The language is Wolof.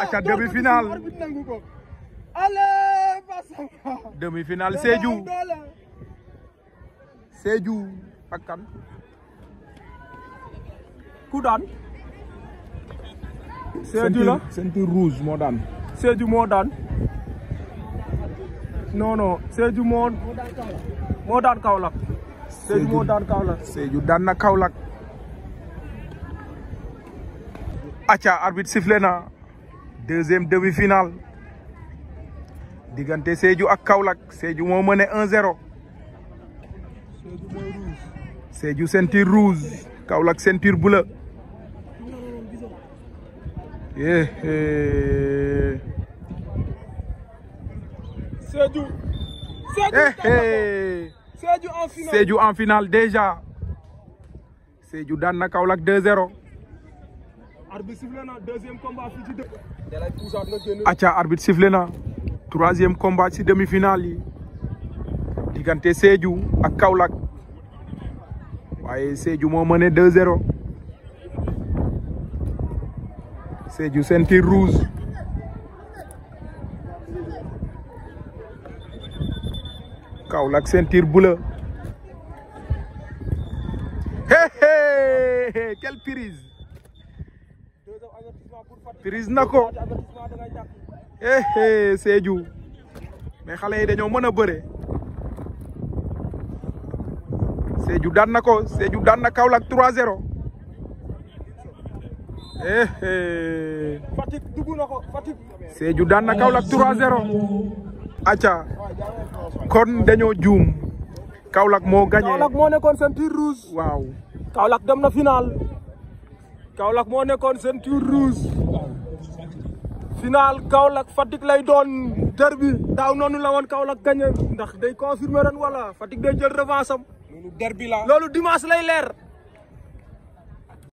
aka demi-finale demi-finale Sédhiou Sédhiou ku daan Sédhiou la ceinture rouge moo daan Sédhiou moo daan non non Sédhiou moo moo daan Kaolack na Kaolack aca arbitre sifflé deuxième demi-finale Diganté Seju à Kaulak. c'est du mené 1-0 du ceinture rouge Kaoulak ceinture bleue eh eh C'est eh, eh. du en finale Sédhiou en finale déjà Sédhiou Danna na 2-0 arbitre Siflena, deuxième combat arbitre Siflena. troisième combat ci demi-finale yi diggante à ak Kaolack wayé mené mo mené 2-0 Sédhiou Senti rouge. Kaolack ceinture bleue. Hé hé, quelle prise prise na ko eh, eh Sédhiou mais xale yi dañoo mën a bëre Sédhiou daan na ko Sédhiou daan na Kaolack trois 0 eh Fatick dugg na ko Fatick Sédhiou na Kaolack 3-0 acca kon dañoo juum kawlak moo gagné Kaolack moo nekkoon seen tir rouge waaw Kaolack final Kaolack moo nekkoon ceinture rouge final Kaolack Fatick lay doon derby daaw noonu la woon Kaolack gagné ndax day confirmer ren wala Fatick day jël revanche am. loolu derby la loolu dimanche lay leer.